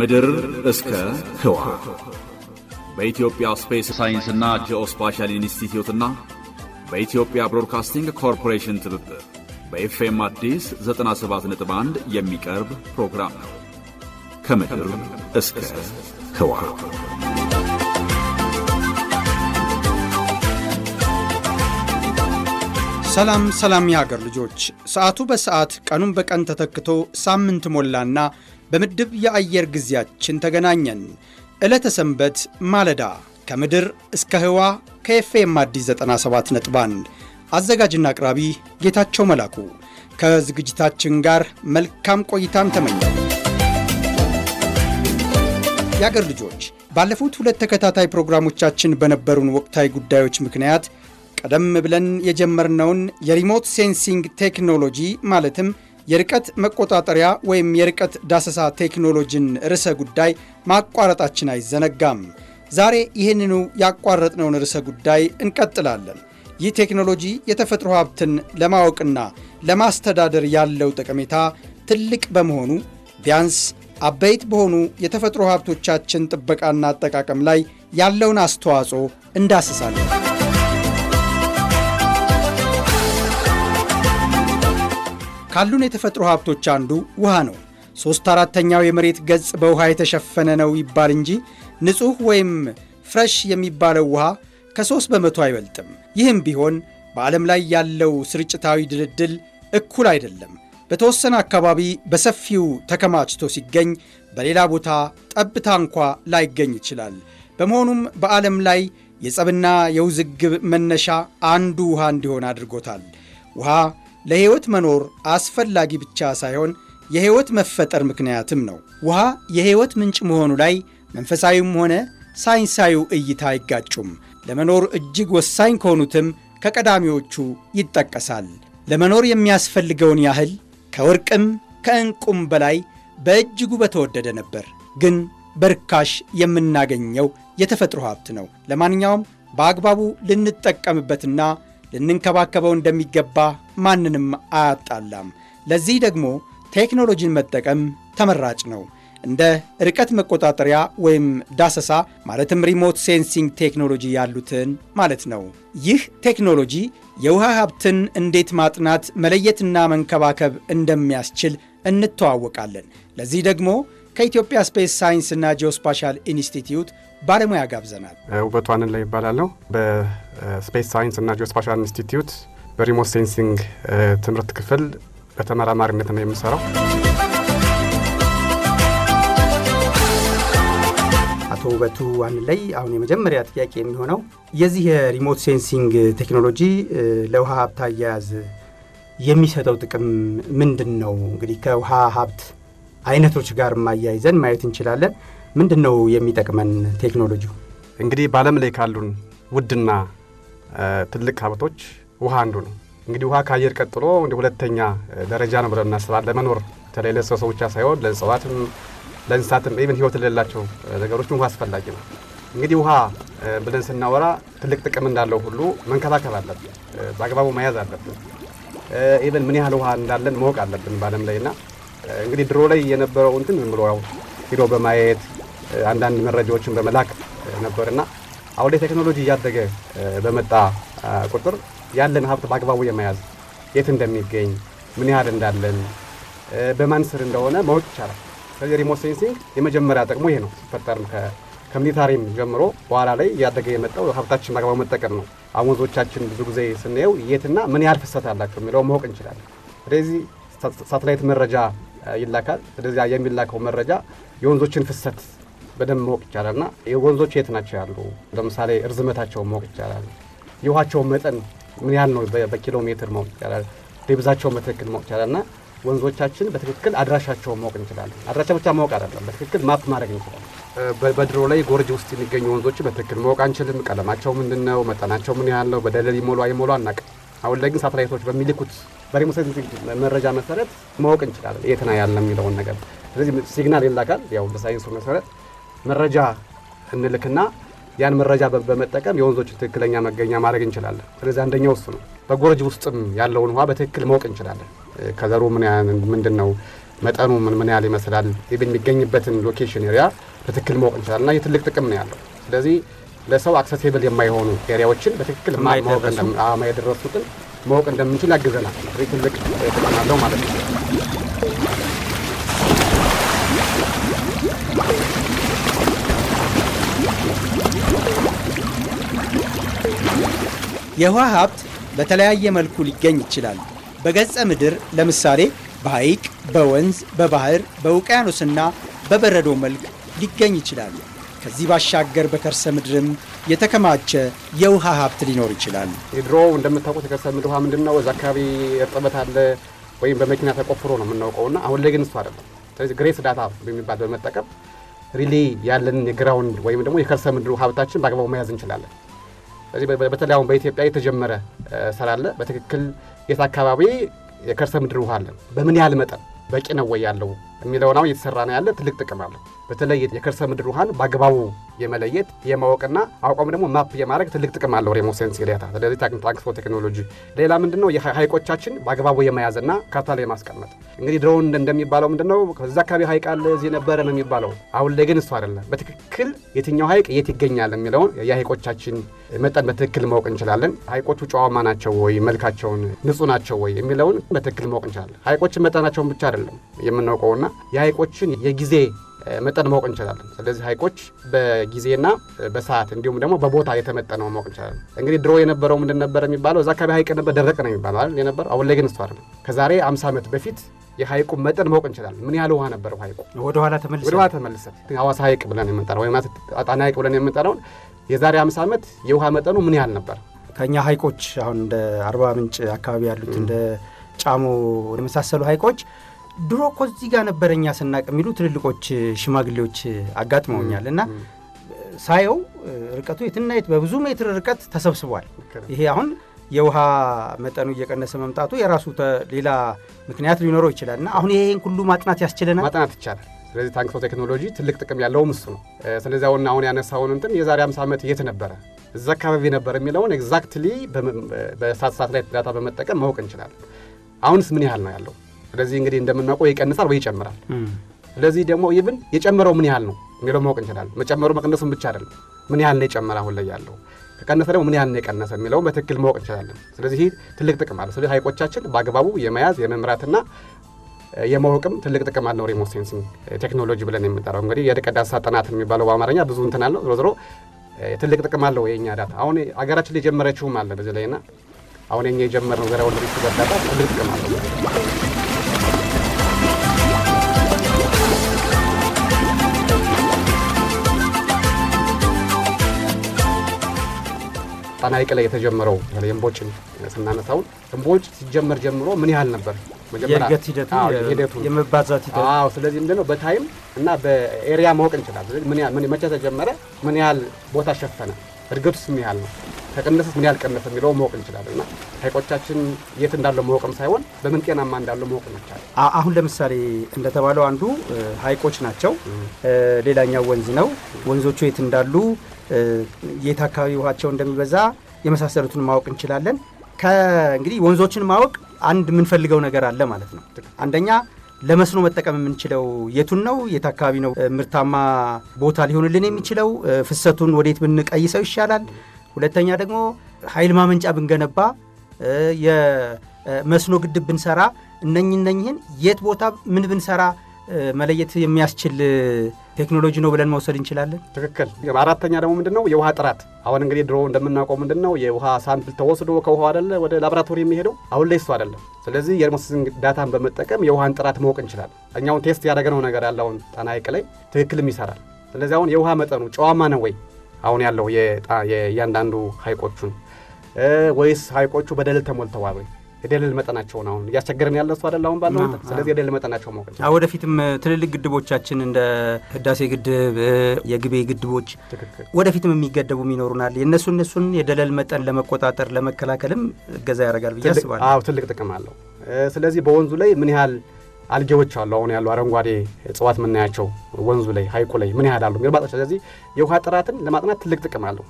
ከምድር እስከ ህዋ በኢትዮጵያ ስፔስ ሳይንስና ጂኦስፓሻል ኢንስቲትዩትና በኢትዮጵያ ብሮድካስቲንግ ኮርፖሬሽን ትብብር በኤፍኤም አዲስ 97.1 የሚቀርብ ፕሮግራም ነው። ከምድር እስከ ህዋ ሰላም ሰላም፣ የአገር ልጆች ሰዓቱ በሰዓት ቀኑን በቀን ተተክቶ ሳምንት ሞላና በምድብ የአየር ጊዜያችን ተገናኘን። ዕለተ ሰንበት ማለዳ ከምድር እስከ ህዋ ከኤፍኤም አዲስ 97 ነጥብ 1 አዘጋጅና አቅራቢ ጌታቸው መላኩ ከዝግጅታችን ጋር መልካም ቆይታን ተመኘ። የአገር ልጆች ባለፉት ሁለት ተከታታይ ፕሮግራሞቻችን በነበሩን ወቅታዊ ጉዳዮች ምክንያት ቀደም ብለን የጀመርነውን የሪሞት ሴንሲንግ ቴክኖሎጂ ማለትም የርቀት መቆጣጠሪያ ወይም የርቀት ዳሰሳ ቴክኖሎጂን ርዕሰ ጉዳይ ማቋረጣችን አይዘነጋም። ዛሬ ይህንኑ ያቋረጥነውን ርዕሰ ጉዳይ እንቀጥላለን። ይህ ቴክኖሎጂ የተፈጥሮ ሀብትን ለማወቅና ለማስተዳደር ያለው ጠቀሜታ ትልቅ በመሆኑ ቢያንስ አበይት በሆኑ የተፈጥሮ ሀብቶቻችን ጥበቃና አጠቃቀም ላይ ያለውን አስተዋጽኦ እንዳስሳለን። ካሉን የተፈጥሮ ሀብቶች አንዱ ውሃ ነው። ሦስት አራተኛው የመሬት ገጽ በውሃ የተሸፈነ ነው ይባል እንጂ ንጹሕ ወይም ፍረሽ የሚባለው ውሃ ከሦስት በመቶ አይበልጥም። ይህም ቢሆን በዓለም ላይ ያለው ስርጭታዊ ድልድል እኩል አይደለም። በተወሰነ አካባቢ በሰፊው ተከማችቶ ሲገኝ፣ በሌላ ቦታ ጠብታ እንኳ ላይገኝ ይችላል። በመሆኑም በዓለም ላይ የጸብና የውዝግብ መነሻ አንዱ ውሃ እንዲሆን አድርጎታል። ውሃ ለሕይወት መኖር አስፈላጊ ብቻ ሳይሆን የሕይወት መፈጠር ምክንያትም ነው። ውሃ የሕይወት ምንጭ መሆኑ ላይ መንፈሳዊም ሆነ ሳይንሳዊው እይታ አይጋጩም። ለመኖር እጅግ ወሳኝ ከሆኑትም ከቀዳሚዎቹ ይጠቀሳል። ለመኖር የሚያስፈልገውን ያህል ከወርቅም ከእንቁም በላይ በእጅጉ በተወደደ ነበር፣ ግን በርካሽ የምናገኘው የተፈጥሮ ሀብት ነው። ለማንኛውም በአግባቡ ልንጠቀምበትና ልንንከባከበው እንደሚገባ ማንንም አያጣላም። ለዚህ ደግሞ ቴክኖሎጂን መጠቀም ተመራጭ ነው። እንደ ርቀት መቆጣጠሪያ ወይም ዳሰሳ ማለትም ሪሞት ሴንሲንግ ቴክኖሎጂ ያሉትን ማለት ነው። ይህ ቴክኖሎጂ የውሃ ሀብትን እንዴት ማጥናት መለየትና መንከባከብ እንደሚያስችል እንተዋወቃለን። ለዚህ ደግሞ ከኢትዮጵያ ስፔስ ሳይንስና ጂኦስፓሻል ኢንስቲትዩት ባለሙያ ጋብዘናል። ውበቱ አንን ላይ ይባላለሁ። በስፔስ ሳይንስ እና ጂኦስፓሻል ኢንስቲትዩት በሪሞት ሴንሲንግ ትምህርት ክፍል በተመራማሪነት ነው የምሰራው። አቶ ውበቱ አንን ላይ አሁን የመጀመሪያ ጥያቄ የሚሆነው የዚህ የሪሞት ሴንሲንግ ቴክኖሎጂ ለውሃ ሀብት አያያዝ የሚሰጠው ጥቅም ምንድን ነው? እንግዲህ ከውሃ ሀብት አይነቶች ጋር ማያይዘን ማየት እንችላለን። ምንድን ነው የሚጠቅመን ቴክኖሎጂ? እንግዲህ በዓለም ላይ ካሉን ውድና ትልቅ ሀብቶች ውሃ አንዱ ነው። እንግዲህ ውሃ ከአየር ቀጥሎ ሁለተኛ ደረጃ ነው ብለን እናስባለን። ለመኖር በተለይ ለሰው ሰው ብቻ ሳይሆን ለእጽዋትም፣ ለእንስሳትም ኢቨን ህይወት ለሌላቸው ነገሮችም ውሃ አስፈላጊ ነው። እንግዲህ ውሃ ብለን ስናወራ ትልቅ ጥቅም እንዳለው ሁሉ መንከባከብ አለብን፣ በአግባቡ መያዝ አለብን። ኢቨን ምን ያህል ውሃ እንዳለን ማወቅ አለብን በዓለም ላይ እና እንግዲህ ድሮ ላይ የነበረው እንትን ዝም ብሎ ያው ሂዶ በማየት አንዳንድ መረጃዎችን በመላክ ነበርና አሁን ላይ ቴክኖሎጂ እያደገ በመጣ ቁጥር ያለን ሀብት በአግባቡ የመያዝ የት እንደሚገኝ ምን ያህል እንዳለን በማን ስር እንደሆነ ማወቅ ይቻላል። ስለዚህ ሪሞት ሴንሲንግ የመጀመሪያ ጥቅሙ ይሄ ነው። ሲፈጠርም ከሚሊታሪም ጀምሮ በኋላ ላይ እያደገ የመጣው ሀብታችን በአግባቡ መጠቀም ነው። አሁን ብዙ ጊዜ ስናየው የትና ምን ያህል ፍሰት አላቸው የሚለው ማወቅ እንችላለን። ስለዚህ ሳተላይት መረጃ ይላካል። ስለዚያ የሚላከው መረጃ የወንዞችን ፍሰት በደንብ ማወቅ ይቻላል እና የወንዞች የት ናቸው ያሉ ለምሳሌ እርዝመታቸው ማወቅ ይቻላል። የውሃቸው መጠን ምን ያህል ነው በኪሎ ሜትር ማወቅ ይቻላል። ደብዛቸው በትክክል ማወቅ ይቻላል እና ወንዞቻችን በትክክል አድራሻቸው ማወቅ እንችላለን። አድራሻ ብቻ ማወቅ አይደለም፣ በትክክል ማፕ ማድረግ እንችላለን። በድሮ ላይ ጎርጅ ውስጥ የሚገኙ ወንዞችን በትክክል ማወቅ አንችልም። ቀለማቸው ምንድን ነው? መጠናቸው ምን ያህል ነው? በደለል ይሞሉ አይሞሉ አናውቅም። አሁን ላይ ግን ሳተላይቶች በሚልኩት በሪሞት መረጃ መሰረት ማወቅ እንችላለን የት ያለ የሚለውን ነገር። ስለዚህ ሲግናል ይላካል ያው በሳይንሱ መሰረት መረጃ እንልክና ያን መረጃ በመጠቀም የወንዞችን ትክክለኛ መገኛ ማድረግ እንችላለን። ስለዚህ አንደኛው እሱ ነው። በጎረጅ ውስጥም ያለውን ውሃ በትክክል ማወቅ እንችላለን። ከዘሩ ምንድን ነው መጠኑ ምን ምን ያህል ይመስላል፣ የሚገኝበትን ሎኬሽን ኤሪያ በትክክል ማወቅ እንችላለን እና የትልቅ ጥቅም ነው ያለው። ስለዚህ ለሰው አክሰሴብል የማይሆኑ ኤሪያዎችን በትክክል የደረሱትን ማወቅ እንደምንችል ያግዘናል። ትልቅ ጥቅም አለው ማለት ነው። የውሃ ሀብት በተለያየ መልኩ ሊገኝ ይችላል። በገጸ ምድር ለምሳሌ በሐይቅ፣ በወንዝ፣ በባህር፣ በውቅያኖስና በበረዶ መልክ ሊገኝ ይችላል። ከዚህ ባሻገር በከርሰ ምድርም የተከማቸ የውሃ ሀብት ሊኖር ይችላል። ድሮ እንደምታውቁት የከርሰ ምድር ውሃ ምንድን ነው? እዛ አካባቢ እርጥበት አለ ወይም በመኪና ተቆፍሮ ነው የምናውቀውና አሁን ላይ ግን እሱ አይደለም። ስለዚህ ግሬስ ዳታ በሚባል በመጠቀም ሪሌ ያለንን የግራውንድ ወይም ደግሞ የከርሰ ምድር ሀብታችን በአግባቡ መያዝ እንችላለን። ስለዚህ በተለይ አሁን በኢትዮጵያ የተጀመረ ስራ አለ። በትክክል የት አካባቢ የከርሰ ምድር ውሃ አለን፣ በምን ያህል መጠን በቂ ነው ወይ ያለው የሚለውን አሁን እየተሰራ ነው ያለ። ትልቅ ጥቅም አለው። በተለይ የከርሰ ምድር ውሃን በአግባቡ የመለየት የማወቅና አቋም ደግሞ ማፕ የማድረግ ትልቅ ጥቅም አለው ሬሞት ሴንሲንግ ዳታ። ስለዚህ ትራንስፖርት ቴክኖሎጂ ሌላ ምንድነው የሀይቆቻችን በአግባቡ የመያዝና ካርታ ላይ ማስቀመጥ። እንግዲህ ድሮን እንደሚባለው ምንድነው ከዚ አካባቢ ሀይቅ አለ እዚህ ነበረ ነው የሚባለው። አሁን ላይ ግን እሱ አይደለም። በትክክል የትኛው ሀይቅ የት ይገኛል የሚለውን የሀይቆቻችን መጠን በትክክል ማወቅ እንችላለን። ሀይቆቹ ጨዋማ ናቸው ወይ፣ መልካቸውን ንጹህ ናቸው ወይ የሚለውን በትክክል ማወቅ እንችላለን። ሀይቆችን መጠናቸውን ብቻ አይደለም የምናውቀውና የሀይቆችን የጊዜ መጠን ማወቅ እንችላለን። ስለዚህ ሀይቆች በጊዜና በሰዓት እንዲሁም ደግሞ በቦታ የተመጠነ ማወቅ እንችላለን። እንግዲህ ድሮ የነበረው ምንድን ነበር የሚባለው? እዛ አካባቢ ሀይቅ ነበር ደረቅ ነው የሚባለው አይደል የነበረው። አሁን ላይ ግን እስተዋል ነው። ከዛሬ 50 ዓመት በፊት የሀይቁ መጠን ማወቅ እንችላለን። ምን ያህል ውሃ ነበረው ሀይቁ? ወደኋላ ተመልሰን ወደኋላ ተመልሰን ሀዋሳ ሀይቅ ብለን የምንጠራው ወይም ጣና ሀይቅ ብለን የምንጠራውን የዛሬ 50 ዓመት የውሃ መጠኑ ምን ያህል ነበር? ከእኛ ሀይቆች አሁን እንደ አርባ ምንጭ አካባቢ ያሉት እንደ ጫሞ የመሳሰሉ ሀይቆች ድሮ እኮ እዚህ ጋር ነበረኛ ስናቅ የሚሉ ትልልቆች ሽማግሌዎች አጋጥመውኛል እና ሳየው ርቀቱ የትና የት በብዙ ሜትር ርቀት ተሰብስቧል። ይሄ አሁን የውሃ መጠኑ እየቀነሰ መምጣቱ የራሱ ሌላ ምክንያት ሊኖረው ይችላል እና አሁን ይሄን ሁሉ ማጥናት ያስችለናል፣ ማጥናት ይቻላል። ስለዚህ ታንክቶ ቴክኖሎጂ ትልቅ ጥቅም ያለው ምስ ነው። ስለዚ አሁን አሁን ያነሳውን እንትን የዛሬ 50 ዓመት የት ነበረ እዛ አካባቢ ነበር የሚለውን ኤግዛክትሊ በሳት ላይ ዳታ በመጠቀም ማወቅ እንችላለን። አሁንስ ምን ያህል ነው ያለው? ስለዚህ እንግዲህ እንደምናውቀው ይቀንሳል ወይ ይጨምራል። ስለዚህ ደግሞ ይብን የጨመረው ምን ያህል ነው የሚለው ማወቅ እንችላለን። መጨመሩ መቀነሱን ብቻ አይደለም፣ ምን ያህል ነው የጨመረ አሁን ላይ ያለው ከቀነሰ ደግሞ ምን ያህል ነው የቀነሰ የሚለውን በትክክል ማወቅ እንችላለን። ስለዚህ ይህ ትልቅ ጥቅም አለ። ስለዚህ ሀይቆቻችን በአግባቡ የመያዝ የመምራትና የማወቅም ትልቅ ጥቅም አለው። ሪሞት ሴንሲንግ ቴክኖሎጂ ብለን የምንጠራው እንግዲህ የርቀት ዳሰሳ ጥናት የሚባለው በአማርኛ ብዙ እንትን አለው። ዞሮ ዞሮ ትልቅ ጥቅም አለው የእኛ ዳታ። አሁን ሀገራችን ላይ የጀመረችውም አለ በዚህ ላይ ና አሁን የኛ የጀመርነው ገራውን ሪስ ዳታ ትልቅ ጥቅም አለው። ጣና ሐይቅ ላይ የተጀመረው እምቦጭን ስናነሳውን እምቦጭ ሲጀመር ጀምሮ ምን ያህል ነበር የእድገት ሂደቱ የመባዛት ሂደቱ? አዎ። ስለዚህ ምንድነው በታይም እና በኤሪያ ማወቅ እንችላለን። መቼ ተጀመረ፣ ምን ያህል ቦታ ሸፈነ፣ እድገቱስ ምን ያህል ነው? ከቀነሰስ ምን ያህል ቀነሰ የሚለው ማወቅ እንችላለን። እና ሀይቆቻችን የት እንዳለው ማወቅም ሳይሆን በምን ጤናማ እንዳለው ማወቅ ይቻላል። አሁን ለምሳሌ እንደተባለው አንዱ ሀይቆች ናቸው፣ ሌላኛው ወንዝ ነው። ወንዞቹ የት እንዳሉ፣ የት አካባቢ ውሃቸው እንደሚበዛ የመሳሰሉትን ማወቅ እንችላለን። ከእንግዲህ ወንዞችን ማወቅ አንድ የምንፈልገው ነገር አለ ማለት ነው። አንደኛ ለመስኖ መጠቀም የምንችለው የቱን ነው? የት አካባቢ ነው ምርታማ ቦታ ሊሆንልን የሚችለው? ፍሰቱን ወዴት ብንቀይሰው ይሻላል? ሁለተኛ ደግሞ ኃይል ማመንጫ ብንገነባ፣ የመስኖ ግድብ ብንሰራ፣ እነኝ እነኝህን የት ቦታ ምን ብንሰራ መለየት የሚያስችል ቴክኖሎጂ ነው ብለን መውሰድ እንችላለን። ትክክል። አራተኛ ደግሞ ምንድን ነው የውሃ ጥራት። አሁን እንግዲህ ድሮ እንደምናውቀው ምንድን ነው የውሃ ሳምፕል ተወስዶ ከውሃ አደለ ወደ ላቦራቶሪ የሚሄደው አሁን ላይ እሱ አደለም። ስለዚህ የኤርሞስን ዳታን በመጠቀም የውሃን ጥራት ማወቅ እንችላለን። እኛውን ቴስት ያደረገነው ነገር ያለውን ጣና ሐይቅ ላይ ትክክልም ይሰራል። ስለዚህ አሁን የውሃ መጠኑ ጨዋማ ነው ወይ አሁን ያለው የእያንዳንዱ ሀይቆቹን ወይስ ሀይቆቹ በደለል ተሞልተዋል ወይ? የደለል መጠናቸውን አሁን እያስቸገረን ያለ እሱ አይደል? አሁን ባለ ስለዚህ የደለል መጠናቸው ማወቅ ይችላል። ወደፊትም ትልልቅ ግድቦቻችን እንደ ህዳሴ ግድብ፣ የግቤ ግድቦች ወደፊትም የሚገደቡ ይኖሩናል። የእነሱ እነሱን የደለል መጠን ለመቆጣጠር ለመከላከልም እገዛ ያደርጋል ብዬ አስባለሁ። ትልቅ ጥቅም አለው። ስለዚህ በወንዙ ላይ ምን ያህል አልጌዎች አሉ። አሁን ያሉ አረንጓዴ እጽዋት የምናያቸው ወንዙ ላይ ሀይቁ ላይ ምን ያህል አሉ ሚባቸው። ስለዚህ የውሃ ጥራትን ለማጥናት ትልቅ ጥቅም አለው።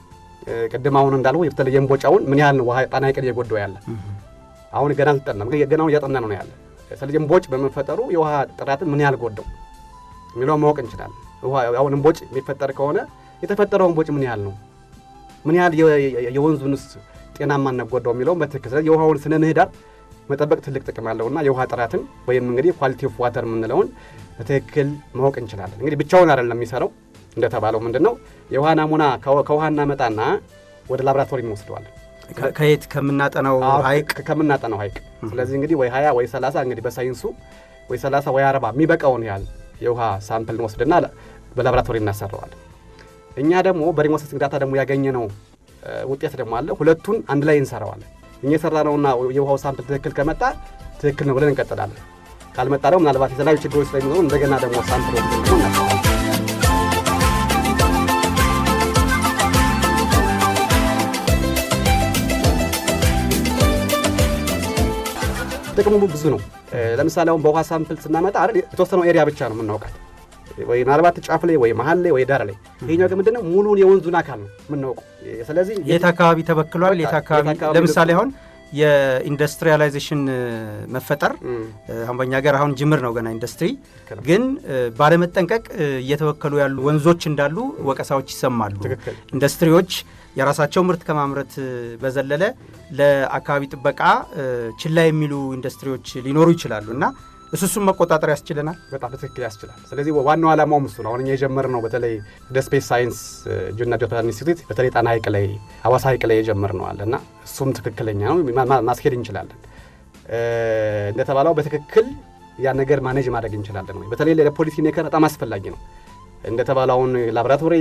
ቅድም አሁን እንዳልሁ በተለይ የእምቦጫውን ምን ያህል ውሃ ጣና ሐይቅን እየጎዳው ያለ አሁን ገና አልጠናም፣ ገና እያጠና ነው ያለ። ስለዚህ እምቦጭ በመፈጠሩ የውሃ ጥራትን ምን ያህል ጎዳው የሚለው ማወቅ እንችላለን። አሁን እምቦጭ የሚፈጠር ከሆነ የተፈጠረው እምቦጭ ምን ያህል ነው፣ ምን ያህል የወንዙንስ ጤናማ ጎዳው የሚለውን በትክክል ስለዚህ የውሃውን ስነ ምህዳር መጠበቅ ትልቅ ጥቅም አለው እና የውሃ ጥራትን ወይም እንግዲህ ኳሊቲ ኦፍ ዋተር የምንለውን በትክክል ማወቅ እንችላለን። እንግዲህ ብቻውን አይደለም የሚሰራው። እንደተባለው ምንድን ነው የውሃ ናሙና ከውሃ እናመጣና ወደ ላብራቶሪ እንወስደዋለን ከየት ከምናጠነው ሐይቅ ከምናጠነው ሀይቅ ስለዚህ እንግዲህ ወይ ሀያ ወይ ሰላሳ እንግዲህ በሳይንሱ ወይ ሰላሳ ወይ አርባ የሚበቃውን ያህል የውሃ ሳምፕል እንወስድና በላብራቶሪ እናሰረዋል። እኛ ደግሞ በሪሞት ሴንሲንግ ዳታ ደግሞ ያገኘነው ውጤት ደግሞ አለ። ሁለቱን አንድ ላይ እንሰራዋለን። እኛ የሰራ ነውና የውሃው ሳምፕል ትክክል ከመጣ ትክክል ነው ብለን እንቀጥላለን። ካልመጣ ደግሞ ምናልባት የተለያዩ ችግሮች ስለሚኖሩ እንደገና ደግሞ ሳምፕል ጥቅሙ ብዙ ነው። ለምሳሌ አሁን በውሃ ሳምፕል ስናመጣ አይደል የተወሰነው ኤሪያ ብቻ ነው የምናውቃት ወይ ምናልባት ጫፍ ላይ ወይ መሀል ላይ ወይ ዳር ላይ። ይሄኛው ግን ምንድነው ሙሉን የወንዙን አካል ነው የምናውቀው። ስለዚህ የት አካባቢ ተበክሏል፣ የት አካባቢ ለምሳሌ አሁን የኢንዱስትሪያላይዜሽን መፈጠር አሁን በኛ ሀገር አሁን ጅምር ነው ገና ኢንዱስትሪ ግን ባለመጠንቀቅ እየተበከሉ ያሉ ወንዞች እንዳሉ ወቀሳዎች ይሰማሉ። ኢንዱስትሪዎች የራሳቸው ምርት ከማምረት በዘለለ ለአካባቢ ጥበቃ ችላ የሚሉ ኢንዱስትሪዎች ሊኖሩ ይችላሉ እና እሱሱን መቆጣጠር ያስችለናል። በጣም በትክክል ያስችላል። ስለዚህ ዋናው ዓላማውም እሱ ነው። አሁን የጀመር ነው በተለይ ስፔስ ሳይንስ ጁና ጆታ ኢንስቲትዩት በተለይ ጣና ሀይቅ ላይ አዋሳ ሀይቅ ላይ የጀመርነው ነዋል እና እሱም ትክክለኛ ነው። ማስኬድ እንችላለን እንደተባለው በትክክል ያ ነገር ማኔጅ ማድረግ እንችላለን ወይ? በተለይ ለፖሊሲ ሜከር በጣም አስፈላጊ ነው። እንደተባለውን ላብራቶሪ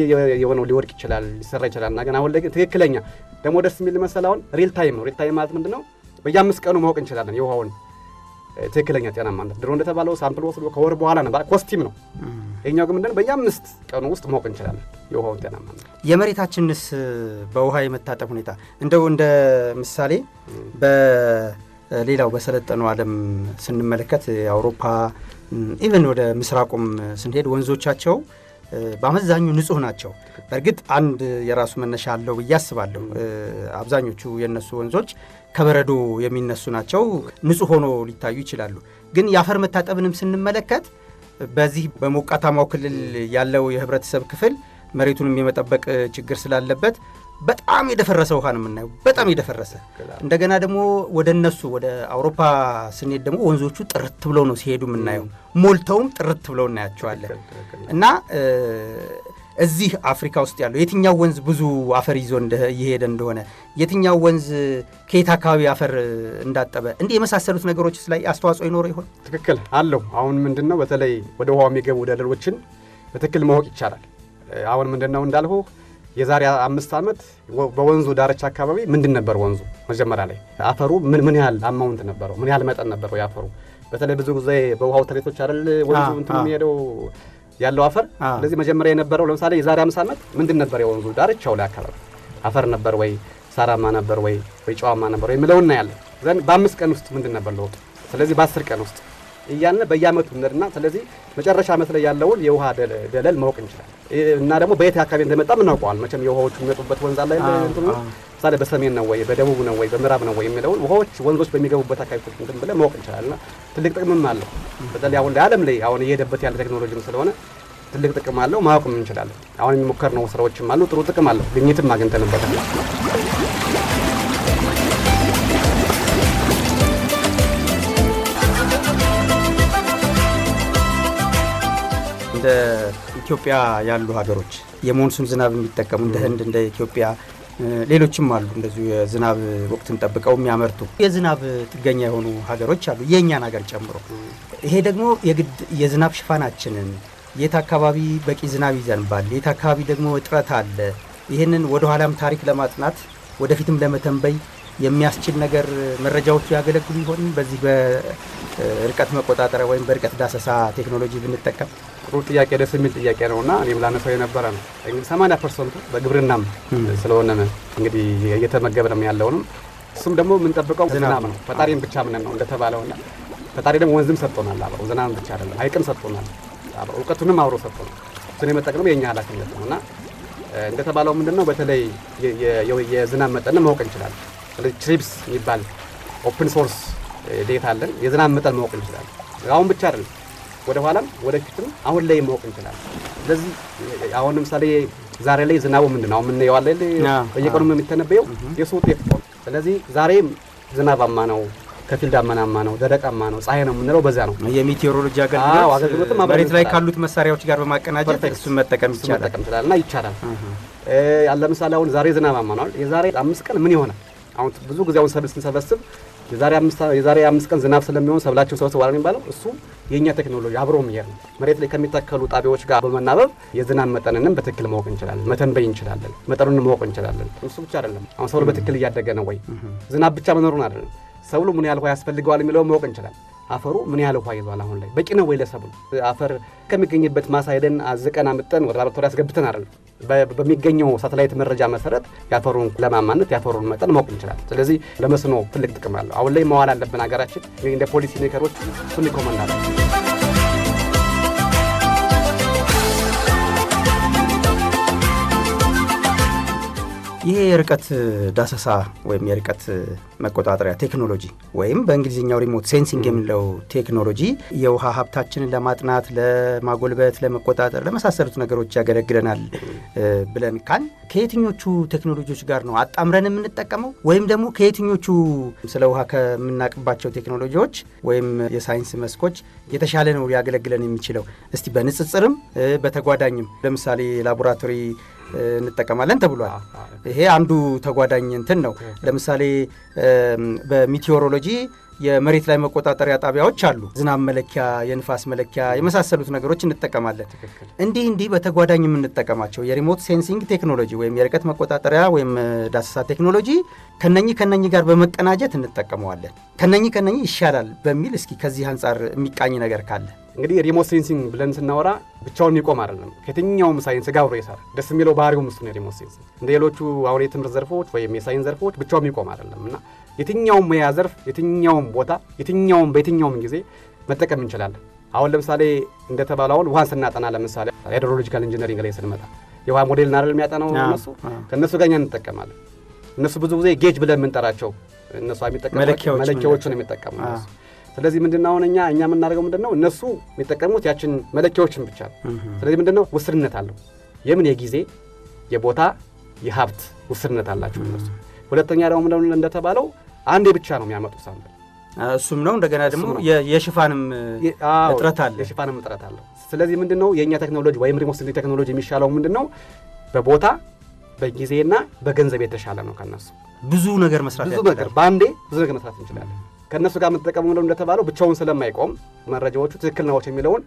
የሆነው ሊወድቅ ይችላል፣ ሊሰራ ይችላል እና ግን አሁን ላይ ትክክለኛ ደግሞ ደስ የሚል መሰል አሁን ሪል ታይም ነው። ሪል ታይም ማለት ምንድን ነው? በየአምስት ቀኑ ማወቅ እንችላለን የውሃውን ትክክለኛ ጤናማነት ድሮ እንደተባለው ሳምፕል ወስዶ ከወር በኋላ ነው ኮስቲም ነው። ይኛው ግን ምንድን በየአምስት ቀኑ ውስጥ ማወቅ እንችላለን የውሃውን ጤናማነት። የመሬታችንስ በውሃ የመታጠብ ሁኔታ እንደው እንደ ምሳሌ በሌላው በሰለጠኑ አለም ስንመለከት አውሮፓ ኢቨን ወደ ምስራቁም ስንሄድ ወንዞቻቸው በአመዛኙ ንጹህ ናቸው። በእርግጥ አንድ የራሱ መነሻ አለው ብዬ አስባለሁ። አብዛኞቹ የእነሱ ወንዞች ከበረዶ የሚነሱ ናቸው። ንጹህ ሆኖ ሊታዩ ይችላሉ። ግን የአፈር መታጠብንም ስንመለከት በዚህ በሞቃታማው ክልል ያለው የህብረተሰብ ክፍል መሬቱንም የመጠበቅ ችግር ስላለበት በጣም የደፈረሰ ውሃ ነው የምናየው። በጣም የደፈረሰ እንደገና ደግሞ ወደ እነሱ ወደ አውሮፓ ስንሄድ ደግሞ ወንዞቹ ጥርት ብለው ነው ሲሄዱ የምናየው። ሞልተውም ጥርት ብለው እናያቸዋለን እና እዚህ አፍሪካ ውስጥ ያለው የትኛው ወንዝ ብዙ አፈር ይዞ እየሄደ እንደሆነ የትኛው ወንዝ ከየት አካባቢ አፈር እንዳጠበ እንዲህ የመሳሰሉት ነገሮች ላይ አስተዋጽኦ ይኖረ ይሆን? ትክክል አለው። አሁን ምንድን ነው በተለይ ወደ ውሃ የሚገቡ ወደደሮችን በትክክል ማወቅ ይቻላል። አሁን ምንድን ነው እንዳልሁ የዛሬ አምስት ዓመት በወንዙ ዳርቻ አካባቢ ምንድን ነበር ወንዙ መጀመሪያ ላይ አፈሩ ምን ያህል አማውንት ነበረው? ምን ያህል መጠን ነበረው የአፈሩ? በተለይ ብዙ ጊዜ በውሃው ተሌቶች አይደል ወንዙ እንትን የሚሄደው ያለው አፈር። ስለዚህ መጀመሪያ የነበረው ለምሳሌ የዛሬ አምስት ዓመት ምንድን ነበር የወንዙ ዳርቻው ላይ አካባቢ አፈር ነበር ወይ ሳራማ ነበር ወይ ወይ ጨዋማ ነበር ወይ የሚለውን እናያለን። በአምስት ቀን ውስጥ ምንድን ነበር ለውጡ? ስለዚህ በአስር ቀን ውስጥ እያልን በየአመቱ ነድና ስለዚህ መጨረሻ ዓመት ላይ ያለውን የውሃ ደለል ማወቅ እንችላለን። እና ደግሞ በየት አካባቢ እንደመጣ እናውቀዋለን። መቼም የውሃዎቹ የሚመጡበት ወንዝ አለ ምሳሌ በሰሜን ነው ወይ በደቡብ ነው ወይ በምዕራብ ነው ወይ የሚለውን ውሃዎች ወንዞች በሚገቡበት አካባቢ እንትን ብለን ማወቅ እንችላለን። እና ትልቅ ጥቅምም አለው። በተለይ አሁን ለዓለም ላይ አሁን እየሄደበት ያለ ቴክኖሎጂም ስለሆነ ትልቅ ጥቅም አለው። ማወቅም እንችላለን። አሁን የሚሞከር ነው ስራዎችም አሉ። ጥሩ ጥቅም አለው። ግኝትም አግኝተንበታል። እንደ ኢትዮጵያ ያሉ ሀገሮች የሞንሱን ዝናብ የሚጠቀሙ እንደ ህንድ፣ እንደ ኢትዮጵያ ሌሎችም አሉ እንደዚሁ የዝናብ ወቅትን ጠብቀው የሚያመርቱ የዝናብ ጥገኛ የሆኑ ሀገሮች አሉ፣ የእኛን ሀገር ጨምሮ። ይሄ ደግሞ የግድ የዝናብ ሽፋናችንን የት አካባቢ በቂ ዝናብ ይዘንባል፣ የት አካባቢ ደግሞ እጥረት አለ፣ ይህንን ወደኋላም ታሪክ ለማጥናት ወደፊትም ለመተንበይ የሚያስችል ነገር መረጃዎቹ ያገለግሉ ይሆን? በዚህ በርቀት መቆጣጠሪያ ወይም በርቀት ዳሰሳ ቴክኖሎጂ ብንጠቀም ጥሩ ጥያቄ፣ ደስ የሚል ጥያቄ ነው እና እኔም ላነሳው የነበረ ነው። እንግዲህ 80 ፐርሰንቱ በግብርናም ስለሆነ እንግዲህ እየተመገበ እየተመገብንም ያለውንም እሱም ደግሞ የምንጠብቀው ዝናብ ነው። ፈጣሪን ብቻ ምንን ነው እንደተባለው እንደተባለውና ፈጣሪ ደግሞ ወንዝም ሰጥቶናል። አብረው ዝናብ ብቻ አይደለም ሐይቅም ሰጥቶናል። አብረው እውቀቱንም አብሮ ሰጥቶናል። እሱን የመጠቀም የእኛ ኃላፊነት ነው እና እንደተባለው ምንድን ነው በተለይ የዝናብ መጠን መወቅ እንችላለን። ሪትሪቭስ የሚባል ኦፕን ሶርስ ዴታ አለን። የዝናብ መጠን ማወቅ እንችላለን። አሁን ብቻ አይደለም፣ ወደ ኋላም ወደፊትም አሁን ላይ ማወቅ እንችላለን። ስለዚህ አሁን ለምሳሌ ዛሬ ላይ ዝናቡ ምንድን ነው አሁን የምናየው በየቀኑ የሚተነበየው የሱ ውጤት ነው። ስለዚህ ዛሬ ዝናባማ ነው ከፊል ዳመናማ ነው፣ ደረቃማ ነው፣ ፀሐይ ነው የምንለው በዛ ነው። የሚቴዎሮሎጂ አገልግሎት መሬት ላይ ካሉት መሳሪያዎች ጋር በማቀናጀት እሱን መጠቀም ይቻላል እና ይቻላል። ለምሳሌ አሁን ዛሬ ዝናባማ ነው። የዛሬ አምስት ቀን ምን ይሆናል? አሁን ብዙ ጊዜ አሁን ሰብል ስንሰበስብ የዛሬ አምስት ቀን ዝናብ ስለሚሆን ሰብላቸው ሰበስብ ዋላ የሚባለው እሱ የእኛ ቴክኖሎጂ አብሮ መሄድ ነው። መሬት ላይ ከሚተከሉ ጣቢያዎች ጋር በመናበብ የዝናብ መጠንንም በትክክል ማወቅ እንችላለን፣ መተንበይ እንችላለን፣ መጠኑን ማወቅ እንችላለን። እሱ ብቻ አይደለም። አሁን ሰብሉ በትክክል እያደገ ነው ወይ ዝናብ ብቻ መኖሩን አይደለም፣ ሰብሉ ምን ያህል ያስፈልገዋል የሚለው ማወቅ እንችላለን። አፈሩ ምን ያህል ውሃ ይዟል? አሁን ላይ በቂ ነው ወይ ለሰብል? አፈር ከሚገኝበት ማሳ ሄደን አዝቀን አምጠን ወደ ላቦራቶሪ አስገብተን አይደል? በሚገኘው ሳተላይት መረጃ መሰረት የአፈሩን ለማማነት የአፈሩን መጠን ማወቅ እንችላለን። ስለዚህ ለመስኖ ትልቅ ጥቅም አለው። አሁን ላይ መዋል አለብን ሀገራችን። እንደ ፖሊሲ ሜከሮች እሱን ሪኮመንድ ይሄ የርቀት ዳሰሳ ወይም የርቀት መቆጣጠሪያ ቴክኖሎጂ ወይም በእንግሊዝኛው ሪሞት ሴንሲንግ የምንለው ቴክኖሎጂ የውሃ ሀብታችንን ለማጥናት፣ ለማጎልበት፣ ለመቆጣጠር ለመሳሰሉት ነገሮች ያገለግለናል ብለን ካል ከየትኞቹ ቴክኖሎጂዎች ጋር ነው አጣምረን የምንጠቀመው ወይም ደግሞ ከየትኞቹ ስለ ውሃ ከምናቅባቸው ቴክኖሎጂዎች ወይም የሳይንስ መስኮች የተሻለ ነው ሊያገለግለን የሚችለው? እስቲ በንጽጽርም በተጓዳኝም ለምሳሌ ላቦራቶሪ እንጠቀማለን ተብሏል። ይሄ አንዱ ተጓዳኝ እንትን ነው። ለምሳሌ በሚቴዎሮሎጂ የመሬት ላይ መቆጣጠሪያ ጣቢያዎች አሉ። ዝናብ መለኪያ፣ የንፋስ መለኪያ የመሳሰሉት ነገሮች እንጠቀማለን። እንዲህ እንዲህ በተጓዳኝ የምንጠቀማቸው የሪሞት ሴንሲንግ ቴክኖሎጂ ወይም የርቀት መቆጣጠሪያ ወይም ዳሰሳ ቴክኖሎጂ ከነኚህ ከነኚህ ጋር በመቀናጀት እንጠቀመዋለን። ከነኚህ ከነኚህ ይሻላል በሚል እስኪ ከዚህ አንጻር የሚቃኝ ነገር ካለ እንግዲህ ሪሞት ሴንሲንግ ብለን ስናወራ ብቻውን የሚቆም አይደለም። ከየትኛውም ሳይንስ ጋር አብሮ ይሰራል። ደስ የሚለው ባህሪው ምስ ነው። ሪሞት ሴንሲንግ እንደ ሌሎቹ አሁን የትምህርት ዘርፎች ወይም የሳይንስ ዘርፎች ብቻውን የሚቆም አይደለም እና የትኛውም ሙያ ዘርፍ፣ የትኛውም ቦታ፣ የትኛውም በየትኛውም ጊዜ መጠቀም እንችላለን። አሁን ለምሳሌ እንደተባለ አሁን ውሃን ስናጠና ለምሳሌ ሃይድሮሎጂካል ኢንጂነሪንግ ላይ ስንመጣ የውሃ ሞዴል ናደል የሚያጠናው እነሱ ከእነሱ ጋር እኛ እንጠቀማለን። እነሱ ብዙ ጊዜ ጌጅ ብለን የምንጠራቸው እነሱ መለኪያዎቹን የሚጠቀሙ ስለዚህ ምንድነው አሁን እኛ እኛ የምናደርገው ምንድነው እነሱ የሚጠቀሙት ያችን መለኪያዎችን ብቻ ነው። ስለዚህ ምንድነው ውስንነት አለው። የምን የጊዜ የቦታ የሀብት ውስንነት አላቸው እነሱ። ሁለተኛ ደግሞ ምንድነው እንደተባለው አንዴ ብቻ ነው የሚያመጡት ሳምፕል እሱም ነው። እንደገና ደግሞ የሽፋንም እጥረት አለ፣ የሽፋንም እጥረት አለ። ስለዚህ ምንድነው የእኛ ቴክኖሎጂ ወይም ሪሞት ሴንሲንግ ቴክኖሎጂ የሚሻለው ምንድነው በቦታ በጊዜና በገንዘብ የተሻለ ነው ከነሱ። ብዙ ነገር መስራት ብዙ ነገር በአንዴ ብዙ ነገር መስራት እንችላለን። ከእነሱ ጋር የምንጠቀመው ነው እንደተባለው ብቻውን ስለማይቆም መረጃዎቹ ትክክል ናቸው የሚለውን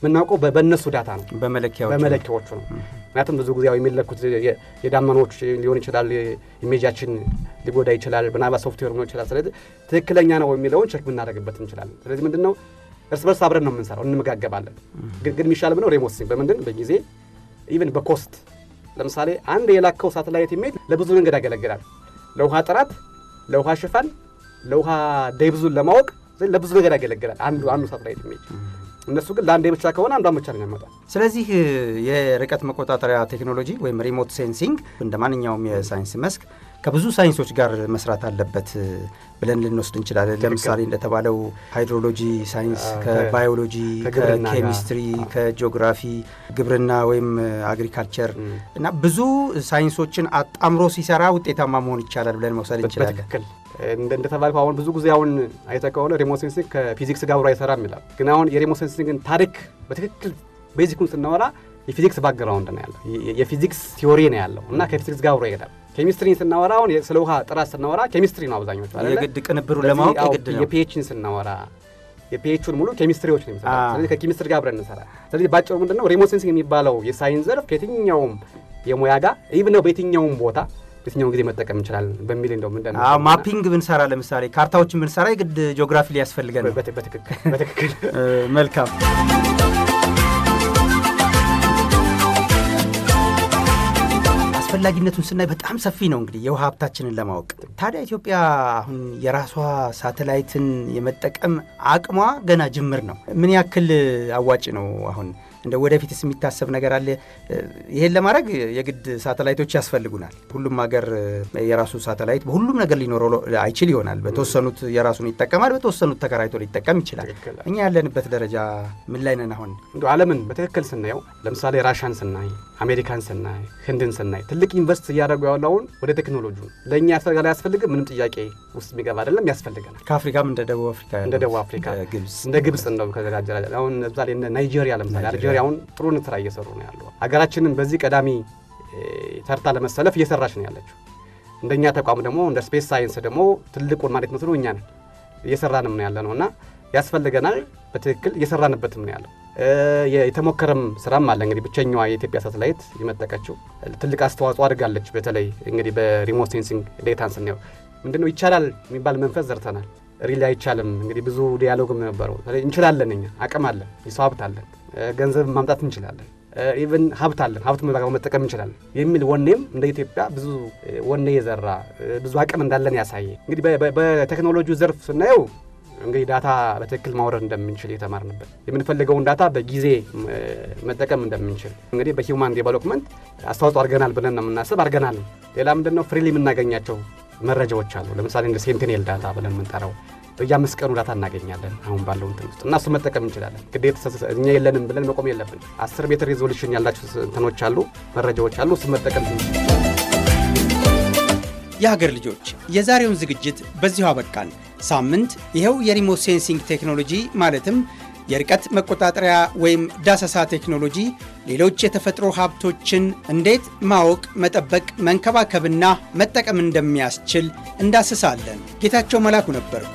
የምናውቀው በእነሱ ዳታ ነው፣ በመለኪያዎቹ ነው። ምክንያቱም ብዙ ጊዜ የሚለኩት የዳመኖች ሊሆን ይችላል፣ ኢሜጃችን ሊጎዳ ይችላል፣ በናባ ሶፍትዌር ሊሆን ይችላል። ስለዚህ ትክክለኛ ነው የሚለውን ቸክ ምናደረግበት እንችላለን። ስለዚህ ምንድን ነው እርስ በርስ አብረን ነው የምንሰራው፣ እንመጋገባለን። ግን የሚሻል ምነው ሪሞት በምንድን በጊዜ ኢቨን በኮስት ለምሳሌ አንድ የላከው ሳተላይት ኢሜጅ ለብዙ መንገድ ያገለግላል፣ ለውሃ ጥራት፣ ለውሃ ሽፋን ለውሃ ዴብዙን ለማወቅ ለብዙ ነገር ያገለግላል። አንዱ አንዱ ሳተላይት ኢሜጅ እነሱ ግን ለአንድ ብቻ ከሆነ አንዷን ብቻ ነው ያመጣል። ስለዚህ የርቀት መቆጣጠሪያ ቴክኖሎጂ ወይም ሪሞት ሴንሲንግ እንደ ማንኛውም የሳይንስ መስክ ከብዙ ሳይንሶች ጋር መስራት አለበት ብለን ልንወስድ እንችላለን። ለምሳሌ እንደተባለው ሃይድሮሎጂ ሳይንስ ከባዮሎጂ፣ ከኬሚስትሪ፣ ከጂኦግራፊ፣ ግብርና ወይም አግሪካልቸር እና ብዙ ሳይንሶችን አጣምሮ ሲሰራ ውጤታማ መሆን ይቻላል ብለን መውሰድ እንችላለን። እንደተባልኩ አሁን ብዙ ጊዜ አሁን አይተ ከሆነ ሪሞሴንሲንግ ከፊዚክስ ጋር አብሮ አይሰራም ይላል። ግን አሁን የሪሞሴንሲንግን ታሪክ በትክክል ቤዚኩን ስናወራ የፊዚክስ ባክግራውንድ ነው ያለው፣ የፊዚክስ ቲዮሪ ነው ያለው እና ከፊዚክስ ጋር አብሮ ይሄዳል። ኬሚስትሪን ስናወራ አሁን ስለ ውሃ ጥራት ስናወራ ኬሚስትሪ ነው አብዛኞቹ የግድ ቅንብሩ ለማወቅ የግድ ነው። የፒኤችን ስናወራ የፒኤችን ሙሉ ኬሚስትሪዎች ነው የሚሰራ። ስለዚህ ከኬሚስትሪ ጋር አብረን እንሰራ። ስለዚህ ባጭሩ ምንድነው ሪሞሴንሲንግ የሚባለው የሳይንስ ዘርፍ ከየትኛውም የሙያ ጋር ኢቭ ነው በየትኛውም ቦታ የትኛውን ጊዜ መጠቀም እንችላለን በሚል እንደው ምንድን ነው ማፒንግ ብንሰራ ለምሳሌ ካርታዎችን ብንሰራ የግድ ጂኦግራፊ ሊያስፈልገን ነው። በትክክል መልካም። አስፈላጊነቱን ስናይ በጣም ሰፊ ነው። እንግዲህ የውሃ ሀብታችንን ለማወቅ ታዲያ ኢትዮጵያ አሁን የራሷ ሳተላይትን የመጠቀም አቅሟ ገና ጅምር ነው። ምን ያክል አዋጭ ነው አሁን እንደ ወደፊትስ የሚታሰብ ነገር አለ? ይሄን ለማድረግ የግድ ሳተላይቶች ያስፈልጉናል። ሁሉም ሀገር የራሱ ሳተላይት በሁሉም ነገር ሊኖረው አይችል ይሆናል። በተወሰኑት የራሱን ይጠቀማል፣ በተወሰኑት ተከራይቶ ሊጠቀም ይችላል። እኛ ያለንበት ደረጃ ምን ላይ ነን? አሁን እንዲ አለምን በትክክል ስናየው ለምሳሌ ራሻን ስናይ፣ አሜሪካን ስናይ፣ ህንድን ስናይ ትልቅ ኢንቨስት እያደረጉ ያለውን ወደ ቴክኖሎጂ ለእኛ ያስፈልጋል። ያስፈልግ ምንም ጥያቄ ውስጥ የሚገባ አይደለም። ያስፈልገናል። ከአፍሪካም እንደ ደቡብ አፍሪካ እንደ ደቡብ አፍሪካ እንደ ግብጽ እንደው ከዘጋጀ አሁን ለምሳሌ ናይጄሪያ ለምሳሌ በተጨማሪ አሁን ጥሩን ስራ እየሰሩ ነው ያለው። ሀገራችንን በዚህ ቀዳሚ ተርታ ለመሰለፍ እየሰራች ነው ያለችው። እንደኛ ተቋም ደግሞ እንደ ስፔስ ሳይንስ ደግሞ ትልቁን ማለት ነው እኛ ነን እየሰራንም ነው ያለ ነው እና ያስፈልገናል። በትክክል እየሰራንበትም ነው ያለው። የተሞከረም ስራም አለ እንግዲህ ብቸኛዋ የኢትዮጵያ ሳተላይት የመጠቀችው ትልቅ አስተዋጽኦ አድርጋለች። በተለይ እንግዲህ በሪሞት ሴንሲንግ ዴታን ስናየው ምንድነው ይቻላል የሚባል መንፈስ ዘርተናል። ሪል አይቻልም እንግዲህ ብዙ ዲያሎግም ነበረው። እንችላለን፣ እኛ አቅም አለን፣ የሰው ሀብት አለን። ገንዘብ ማምጣት እንችላለን፣ ኢቨን ሀብት አለን፣ ሀብት መጠቀም እንችላለን የሚል ወኔም እንደ ኢትዮጵያ ብዙ ወኔ የዘራ ብዙ አቅም እንዳለን ያሳየ። እንግዲህ በቴክኖሎጂ ዘርፍ ስናየው እንግዲህ ዳታ በትክክል ማውረድ እንደምንችል የተማርንበት የምንፈልገውን ዳታ በጊዜ መጠቀም እንደምንችል እንግዲህ በሂውማን ዴቨሎፕመንት አስተዋጽኦ አድርገናል ብለን ነው የምናስብ። አድርገናል። ሌላ ምንድነው ፍሪሊ የምናገኛቸው መረጃዎች አሉ። ለምሳሌ እንደ ሴንቲኔል ዳታ ብለን የምንጠራው በየአምስት ቀኑ እናገኛለን አሁን ባለው እንትን ውስጥ እና እሱ መጠቀም እንችላለን። ግዴታ እኛ የለንም ብለን መቆም የለብን። አስር ሜትር ሬዞሉሽን ያላቸው እንትኖች አሉ፣ መረጃዎች አሉ። እሱ መጠቀም የሀገር ልጆች የዛሬውን ዝግጅት በዚሁ አበቃን። ሳምንት ይኸው የሪሞ ሴንሲንግ ቴክኖሎጂ ማለትም የርቀት መቆጣጠሪያ ወይም ዳሰሳ ቴክኖሎጂ ሌሎች የተፈጥሮ ሀብቶችን እንዴት ማወቅ፣ መጠበቅ፣ መንከባከብና መጠቀም እንደሚያስችል እንዳስሳለን። ጌታቸው መላኩ ነበርኩ።